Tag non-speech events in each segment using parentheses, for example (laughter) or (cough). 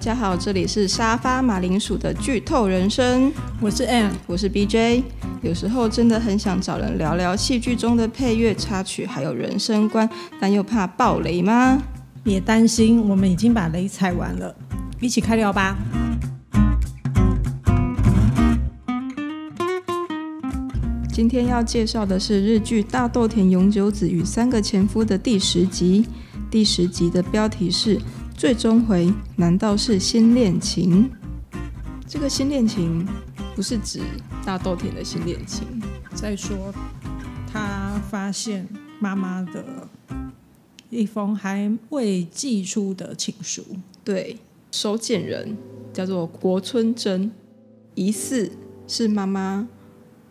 大家好，這裡是沙發馬鈴薯的劇透人生，我是 Ann，我是 BJ。有時候真的很想找人聊聊戲劇中的配樂插曲，還有人生觀，但又怕爆雷嗎？別擔心，我們已經把雷踩完了，一起開聊吧。今天要介紹的是日劇《大豆田永久子與三個前夫》的第十集。第十集的標題是。最終回，難道是新戀情？這個新戀情不是指大豆田的新戀情。再說，他發現媽媽的一封還未寄出的情書，對，收件人叫做國村真，疑似是媽媽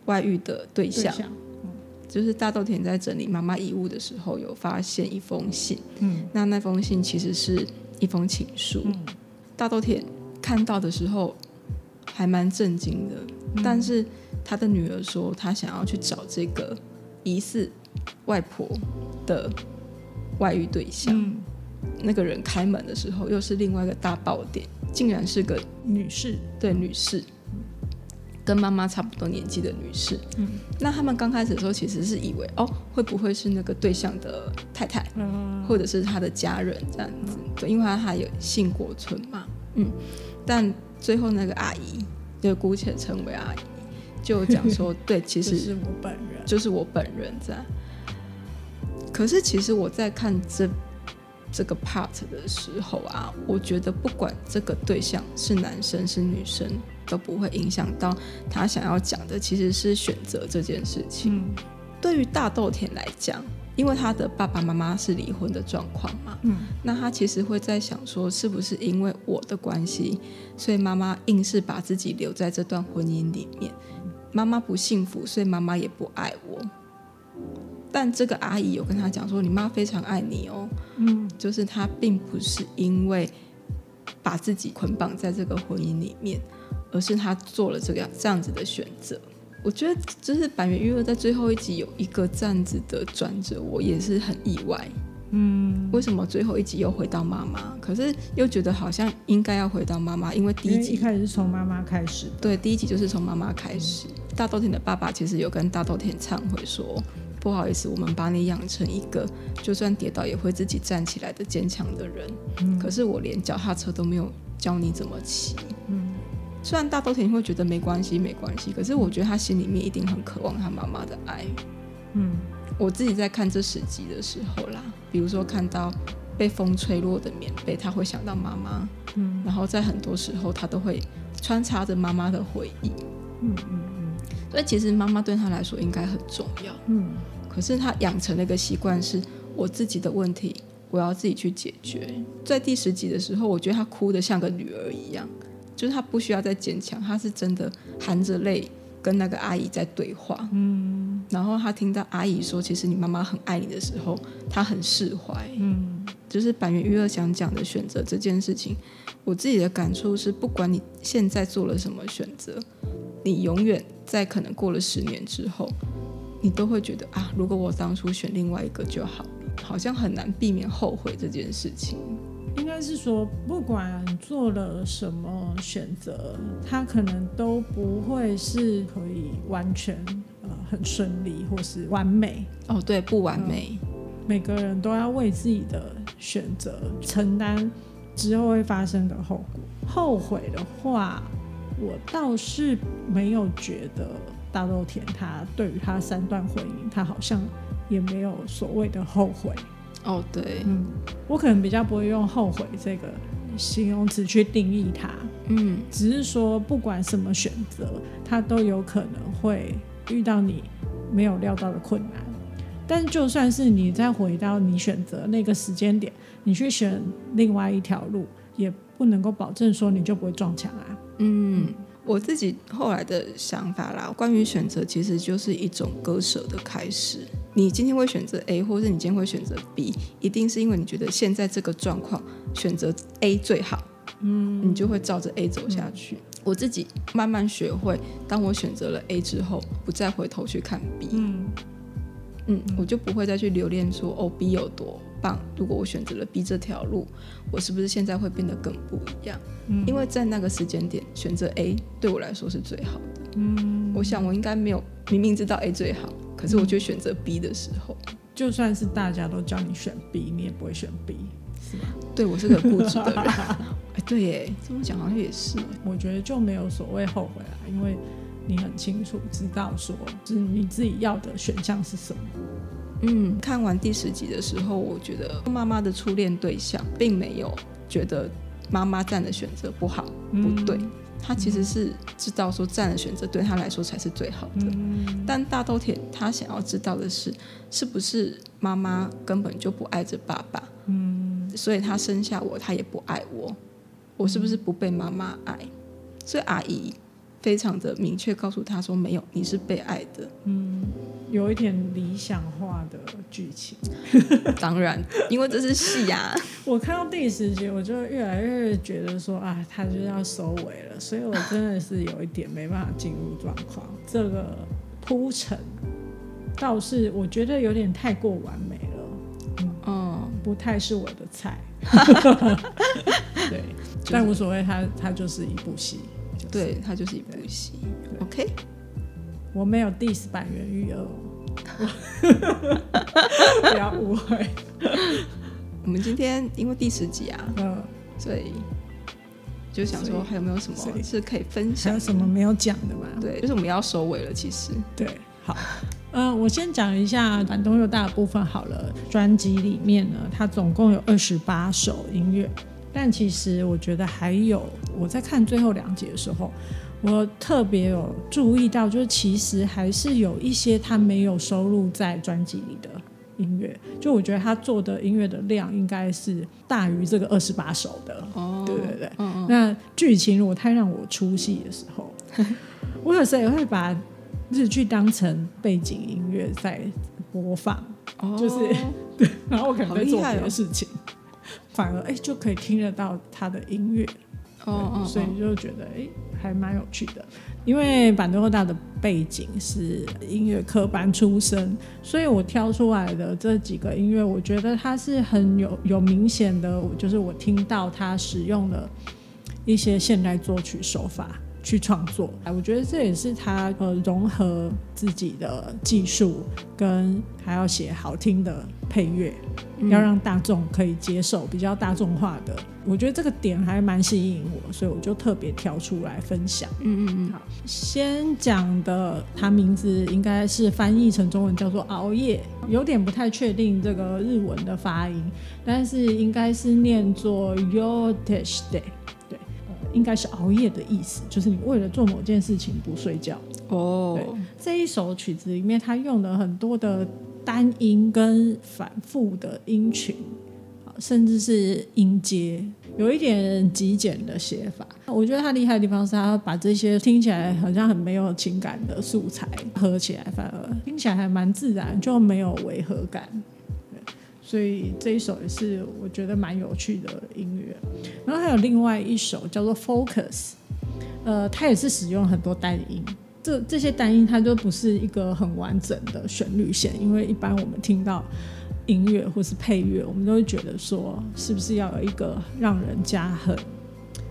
外遇的對象。對象嗯、就是大豆田在整理媽媽遺物的時候，有發現一封信。嗯，那那封信其實是。一封情書，嗯、大豆田看到的時候還蠻震驚的，嗯、但是他的女兒說他想要去找這個疑似外婆的外遇對象。嗯、那個人開門的時候又是另外一個大爆點，竟然是個女士，嗯、對女士。跟媽媽差不多年紀的女士，嗯、那他們剛開始的時候其實是以為哦，會不會是那個對象的太太，或者是他的家人這樣子？嗯、對，因為他還有姓國村嘛，嗯。但最後那個阿姨，就姑且稱為阿姨，就講說，呵呵，對，其實是我本人，就是我本人這樣。可是其實我在看這這個 part 的時候啊，我覺得不管這個對象是男生是女生。都不會影響到他想要講的，其實是選擇這件事情。嗯、對於大豆田來講，因為他的爸爸媽媽是離婚的狀況嘛，嗯，那他其實會在想說，是不是因為我的關係，所以媽媽硬是把自己留在這段婚姻裡面？嗯、媽媽不幸福，所以媽媽也不愛我。但這個阿姨有跟他講說，你媽非常愛你哦，嗯，就是她並不是因為把自己捆綁在這個婚姻裡面。而是他做了這個這樣子的選擇，我覺得就是坂元裕二在最後一集有一個這樣子的轉折，我也是很意外。嗯，為什麼最後一集又回到媽媽？可是又覺得好像應該要回到媽媽，因為第一集一開始是從媽媽開始。對，第一集就是從媽媽開始。嗯、大豆田的爸爸其實有跟大豆田懺悔說：“嗯、不好意思，我們把你養成一個就算跌倒也會自己站起來的堅強的人，嗯、可是我連腳踏車都沒有教你怎麼騎。”嗯。雖然大豆田會覺得沒關係，沒關係，可是我覺得他心裡面一定很渴望他媽媽的愛。嗯，我自己在看這十集的時候啦，比如說看到被風吹落的棉被，他會想到媽媽。嗯，然後在很多時候，他都會穿插着媽媽的回憶。嗯嗯嗯。所、嗯、以、嗯、其實媽媽對他來說應該很重要。嗯。可是他養成那個習慣，是我自己的問題，我要自己去解決。嗯、在第十集的時候，我覺得他哭得像個女兒一樣。就是他不需要再堅強，他是真的含着淚跟那個阿姨在對話。嗯，然後他聽到阿姨說“其實你媽媽很愛你”的時候，他很釋懷。嗯，就是坂元裕二想講的選擇這件事情，我自己的感觸是，不管你現在做了什麼選擇，你永遠在可能過了十年之後，你都會覺得啊，如果我當初選另外一個就好，好像很難避免後悔這件事情。應該是說，不管做了什麼選擇，他可能都不會是可以完全呃很順利或是完美哦，對，不完美。呃，每個人都要為自己的選擇承擔之後會發生的後果。後悔的話，我倒是沒有覺得大豆田他對於他三段婚姻，他好像也沒有所謂的後悔。哦，oh, 對，嗯，我可能比較不會用後悔這個形容詞去定義它，嗯，只是說不管什麼選擇，它都有可能會遇到你沒有料到的困難。但就算是你再回到你選擇那個時間點，你去選另外一條路，也不能夠保證說你就不會撞牆啊。嗯，嗯，我自己後來的想法啦，關於選擇其實就是一種割捨的開始。你今天會選擇 A，或者你今天會選擇 B，一定是因為你覺得現在這個狀況選擇 A 最好。嗯，你就會照着 A 走下去。嗯。我自己慢慢學會，當我選擇了 A 之後，不再回頭去看 B。嗯，嗯，我就不會再去留戀說哦 B 有多棒。如果我選擇了 B 這條路，我是不是現在會變得更不一樣？嗯，因為在那個時間點選擇 A 對我來說是最好的。嗯，我想我應該沒有明明知道 A 最好。可是我覺得選擇 B 的時候，嗯，就算是大家都叫你選 B，你也不會選 B，是嗎？對，我是個固執的人。哎、 (laughs) 欸，對耶，這麼講好像也是。我覺得就沒有所謂後悔啊，因為你很清楚知道說，就是你自己要的選項是什麼。嗯，看完第十集的時候，我覺得媽媽的初戀對象並沒有覺得媽媽站的選擇不好，嗯，不對。他其實是知道說，這樣的選擇對他來說才是最好的。嗯、但大豆田，他想要知道的是，是不是媽媽根本就不愛着爸爸？嗯、所以他生下我，他也不愛我。我是不是不被媽媽愛？所以阿姨。非常的明確告訴他說：“沒有，你是被愛的。”嗯，有一點理想化的劇情， (laughs) 當然，因為這是戲啊。 (laughs) 我看到第十集我就越來越覺得說啊，他就要收尾了，所以我真的是有一點沒辦法進入狀況。這個鋪陳倒是我覺得有點太過完美了，嗯，嗯，不太是我的菜。 (laughs) 對，就是、但無所謂，它、他，他就是一部戲。對，它就是一部戲。OK，我沒有第十版人魚哦， (laughs) (laughs) 不要誤會。 (laughs) 我們今天因為第十集啊，嗯，所以就想說還有沒有什麼是可以分享？還有什麼沒有講的嘛？對，就是我們要收尾了。其實，對，好，嗯、呃，我先講一下坂東祐大的部分好了。專輯裡面呢，它總共有二十八首音樂，但其實我覺得還有。我在看最後兩集的時候，我特別有注意到，就是其實還是有一些他沒有收錄在專輯裡的音樂。就我覺得他做的音樂的量應該是大於這個二十八首的。哦，對對對。嗯嗯，那劇情如果太讓我出戲的時候，我有時候也會把日劇當成背景音樂在播放。哦。就是對，然後我可能在做別的事情，哦、反而哎、欸、就可以聽得到他的音樂。哦哦，所以就覺得哎，還蠻有趣的。因為坂東祐大的背景是音樂科班出身，所以我挑出來的這幾個音樂，我覺得它是很有有明顯的，就是我聽到它使用了一些現代作曲手法。去創作，哎、啊，我覺得這也是他呃融合自己的技術，跟還要寫好聽的配樂，嗯、要讓大眾可以接受，比較大眾化的，嗯、我覺得這個點還蠻吸引我，所以我就特別挑出來分享。嗯嗯嗯，好，先講的他名字應該是翻譯成中文叫做“熬夜”，有點不太確定這個日文的發音，但是應該是念作 y o u t e s h y 應該是熬夜的意思，就是你為了做某件事情不睡覺。哦，oh. 對，這一首曲子裡面，他用了很多的單音跟反覆的音群，甚至是音階，有一點極簡的寫法。我覺得他厲害的地方是，他把這些聽起來好像很沒有情感的素材合起來，反而聽起來還蠻自然，就沒有違和感。所以這一首也是我覺得蠻有趣的音樂，然後還有另外一首叫做《Focus》，呃，它也是使用很多單音這，這這些單音它就不是一個很完整的旋律線，因為一般我們聽到音樂或是配樂，我們都會覺得說是不是要有一個讓人家很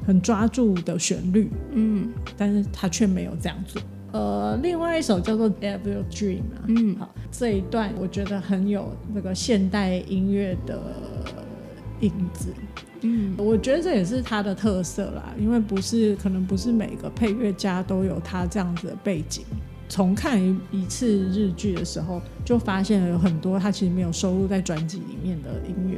很抓住的旋律，嗯，但是他卻沒有這樣做。呃，另外一首叫做《Devil Dream》啊，嗯，好，這一段我覺得很有那個現代音樂的影子，嗯，我覺得這也是他的特色啦，因為不是可能不是每個配樂家都有他這樣子的背景。重看一次日劇的時候，就發現了有很多他其實沒有收錄在專輯裡面的音樂。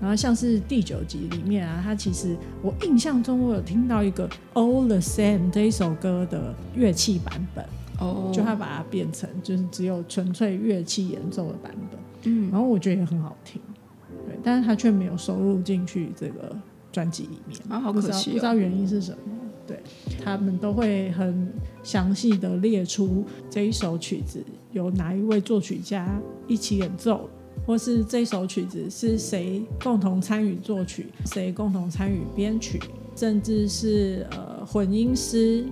然後像是第九集裡面啊，他其實我印象中我有聽到一個 All the Same 這一首歌的樂器版本，哦，oh. 就他把它變成就是只有純粹樂器演奏的版本，嗯，然後我覺得也很好聽，對，但是他卻沒有收錄進去這個專輯裡面，啊，好可惜，哦。不知道，不知道原因是什麼。對，他們都會很詳細的列出這一首曲子由哪一位作曲家一起演奏，或是這首曲子是誰共同參與作曲，誰共同參與編曲，甚至是呃混音師、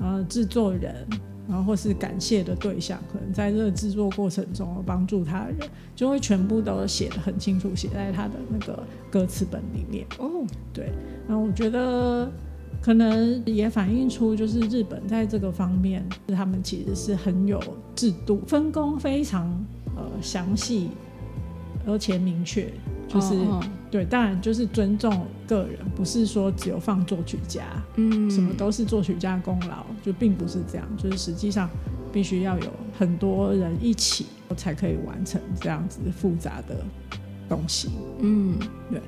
呃製作人，然後或是感謝的對象，可能在這個製作過程中幫助他的人，就會全部都寫得很清楚，寫在他的那個歌詞本裡面。哦，對，那我覺得。可能也反映出，就是日本在這個方面，他們其實是很有制度，分工非常呃詳細，而且明確。就是哦哦對，當然就是尊重個人，不是說只有放作曲家，嗯，什麼都是作曲家功勞，就並不是這樣。就是實際上，必須要有很多人一起才可以完成這樣子複雜的，東西。嗯，對。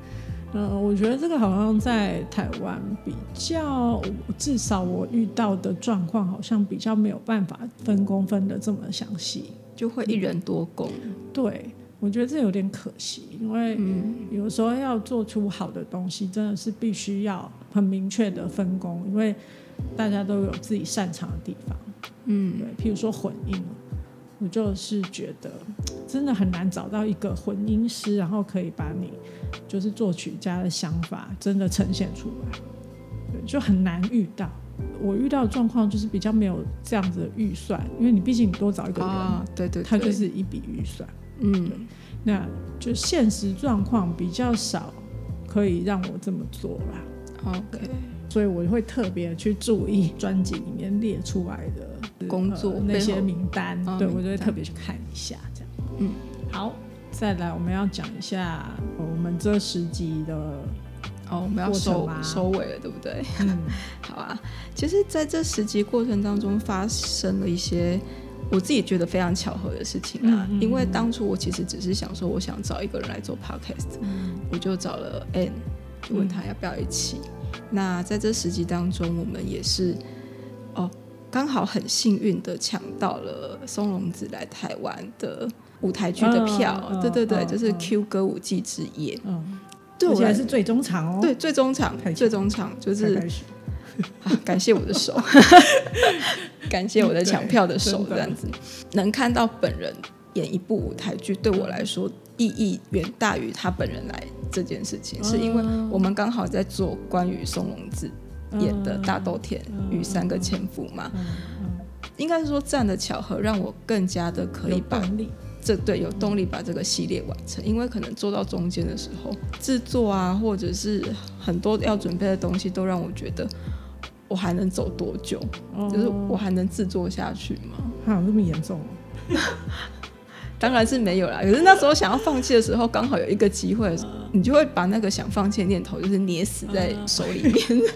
嗯、呃，我覺得這個好像在台灣比較，至少我遇到的狀況好像比較沒有辦法分工分得這麼詳細，就會一人多工、嗯。對，我覺得這有點可惜，因為有時候要做出好的東西，嗯、真的是必須要很明確的分工，因為大家都有自己擅長的地方。嗯，對，譬如說混音。我就是覺得，真的很難找到一個混音師，然後可以把你就是作曲家的想法真的呈現出來，就很難遇到。我遇到的狀況就是比較沒有這樣子的預算，因為你畢竟你多找一個人，啊、對，對對，他就是一筆預算。嗯，那就現實狀況比較少可以讓我這麼做啦。OK，所以我會特別去注意專輯裡面列出來的、嗯。工作那些名單，對我就會特別去看一下，這樣。嗯，好，再來我們要講一下我們這十集的哦，我們要收收尾了，對不對？嗯，好啊。其實，在這十集過程當中發生了一些我自己覺得非常巧合的事情啊。因為當初我其實只是想說，我想找一個人來做 podcast，我就找了 N，就問他要不要一起。那在這十集當中，我們也是哦。剛好很幸運的搶到了松隆子來台灣的舞台劇的票，對對對，就是《Q 歌舞伎之夜》。嗯，對我覺得是最終場哦，對最終場，最終場就是。好，感謝我的手，感謝我的搶票的手，這樣子能看到本人演一部舞台劇，對我來說意義遠大於他本人來這件事情，是因為我們剛好在做關於松隆子演的《大豆田與三個前夫》嘛，應該是說這樣的巧合讓我更加的可以把這對有動力把這個系列完成，因為可能做到中間的時候，制作啊，或者是很多要準備的東西，都讓我覺得我還能走多久？就是我還能制作下去嗎？還有這麼嚴重嗎？當然是沒有啦。可是那時候想要放棄的時候，剛好有一個機會，你就會把那個想放棄的念頭就是捏死在手裡面。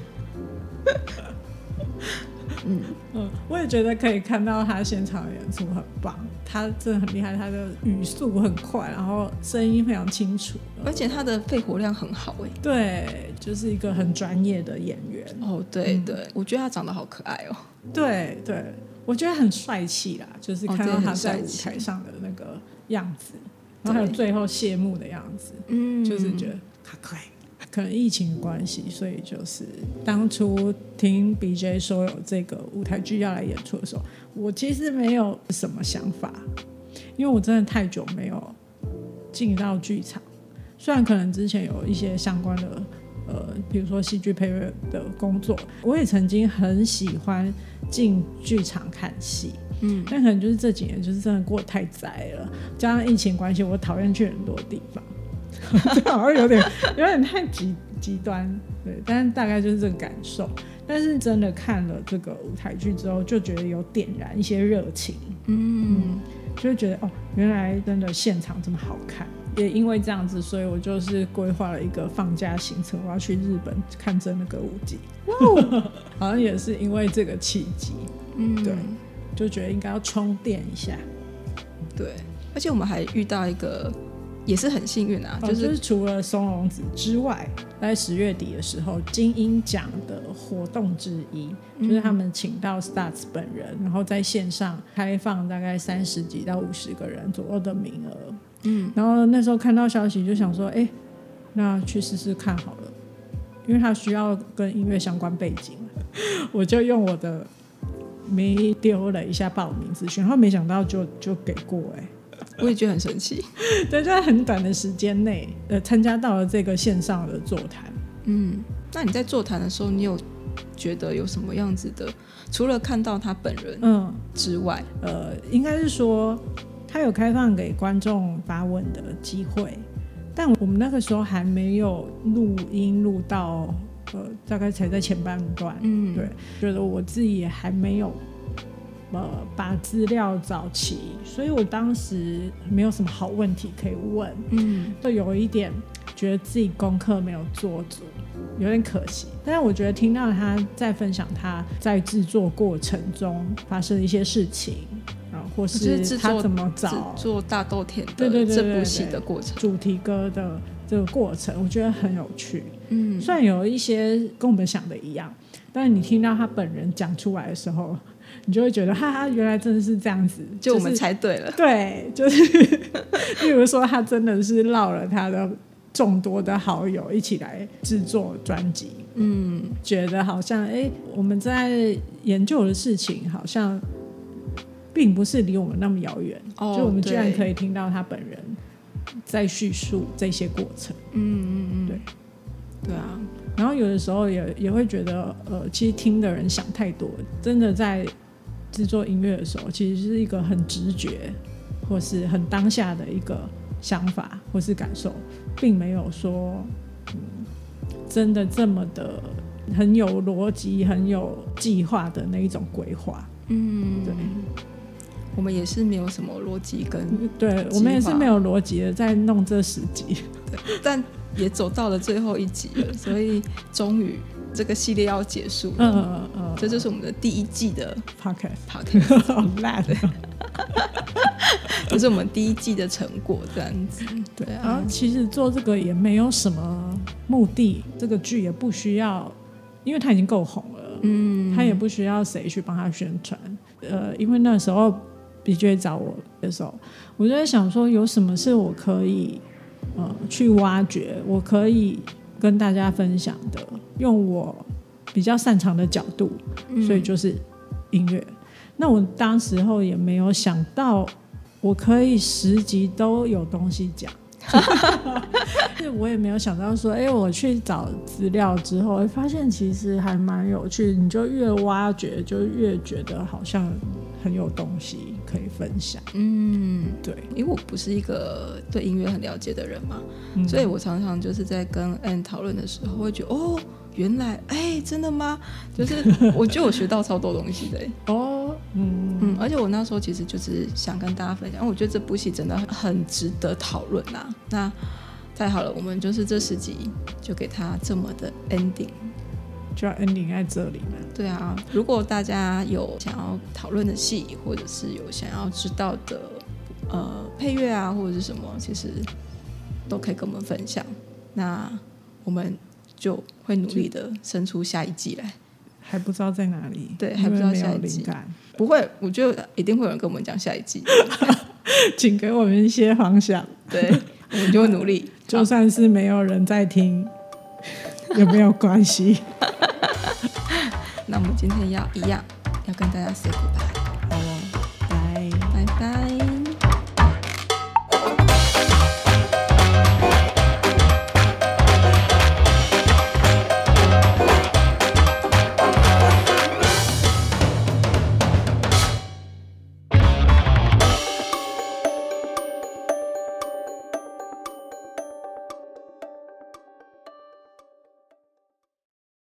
(laughs) 嗯嗯，我也覺得可以看到他現場的演出很棒，他真的很厲害，他的語速很快，嗯、然後聲音非常清楚，而且他的肺活量很好哎。對，就是一個很專業的演員。嗯、哦，對、嗯、對，對，我覺得他長得好可愛哦。對對，我覺得很帥氣啦，就是看到他在舞台上的那個樣子，哦、然後還有最後謝幕的樣子，嗯對，就是覺得他、嗯、可愛。可能疫情關係，所以就是當初聽 BJ 說有這個舞台劇要來演出的時候，我其實沒有什麼想法，因為我真的太久沒有進到劇場。雖然可能之前有一些相關的呃，比如說戲劇配樂的工作，我也曾經很喜歡進劇場看戲，嗯，但可能就是這幾年就是真的過得太宅了，加上疫情關係，我討厭去很多地方。 (laughs) 好像有點有點太極極端，對，但是大概就是這個感受。但是真的看了這個舞台劇之後，就覺得有點燃一些熱情，嗯，嗯，就覺得哦，原來真的現場這麼好看。也因為這樣子，所以我就是規劃了一個放假行程，我要去日本看真的歌舞伎，哇哦。哇， (laughs) 好像也是因為這個契機，嗯，對，就覺得應該要充電一下。對，對，而且我們還遇到一個。也是很幸運啊，就是哦，就是除了松隆子之外，在十月底的時候，精英獎的活動之一，就是他們請到 STUTS 本人，然後在線上開放大概三十幾到五十個人左右的名額。嗯，然後那時候看到消息就想說，哎，欸，那去試試看好了，因為他需要跟音樂相關背景， (laughs) 我就用我的沒丟了一下報名資訊，然後沒想到就就給過哎，欸。我也覺得很神奇 (laughs) 對，在在很短的時間內，呃，參加到了這個線上的座談。嗯，那你在座談的時候，你有覺得有什麼樣子的？除了看到他本人，嗯之外嗯，呃，應該是說他有開放給觀眾發問的機會，但我們那個時候還沒有錄音錄到，呃，大概才在前半段，嗯，對，覺得我自己也還沒有。呃、嗯，把資料找齊，所以我當時沒有什麼好問題可以問，嗯，就有一點覺得自己功課沒有做足，有點可惜。但是我覺得聽到他在分享他在製作過程中發生的一些事情，啊，或是他怎麼找做大豆田對對對這部戲的過程，主題歌的這個過程，我覺得很有趣，嗯，雖然有一些跟我們想的一樣，但你聽到他本人講出來的時候。你就會覺得，哈，哈，原來真的是這樣子，就我們猜對了。就是，對，就是， (laughs) 例如說，他真的是落了他的眾多的好友一起來製作專輯。嗯，覺得好像，哎，欸，我們在研究的事情，好像並不是離我們那麼遙遠。哦，就我們居然對可以聽到他本人在敘述這些過程。嗯嗯嗯，對，對啊。然後有的時候也也會覺得，呃，其實聽的人想太多。真的在制作音樂的時候，其實是一個很直覺，或是很當下的一個想法或是感受，並沒有說，嗯，真的這麼的很有邏輯、很有計劃的那一種規劃。嗯，對。我們也是沒有什麼邏輯跟對，我們也是沒有邏輯的，在弄這十集。但也走到了最後一集了，所以終於這個系列要結束了。嗯嗯嗯，呃呃呃，這就是我們的第一季的 podcast podcast 好爛的、哦，就對 (laughs) 是我們第一季的成果這樣子。對，對啊，其實做這個也沒有什麼目的，這個劇也不需要，因為他已經夠紅了。嗯，他也不需要誰去幫他宣傳。呃，因為那時候 B J 找我的時候，我就在想說，有什麼是我可以。呃、嗯，去挖掘我可以跟大家分享的，用我比較擅長的角度，嗯、所以就是音樂。那我當時候也沒有想到，我可以十集都有東西講， (laughs) (laughs) 我也沒有想到說，哎、欸，我去找資料之後、欸，發現其實還蠻有趣。你就越挖掘，就越覺得好像很有東西。可以分享，嗯，對，因為我不是一個對音樂很了解的人嘛，嗯、所以我常常就是在跟 Anne 討論的時候，會覺得、嗯、哦，原來哎、欸，真的嗎？ (laughs) 就是我覺得我學到超多東西的、欸、哦，嗯嗯，而且我那時候其實就是想跟大家分享，我覺得這部戲真的很值得討論吶。那太好了，我們就是這十集就給他這麼的 ending，就要 ending 在這裡了。對啊，如果大家有想要討論的戲，或者是有想要知道的呃配樂啊，或者是什麼，其實都可以跟我們分享，那我們就會努力的生出下一季來。還不知道在哪裡？對，還不知道下一季。不會，我覺得一定會有人跟我們講下一季，請給我們一些方向。對，我們就會努力， (laughs) 就算是沒有人在聽，也 (laughs) 沒有關係。 (laughs) 那我們今天要一樣，要跟大家 say goodbye。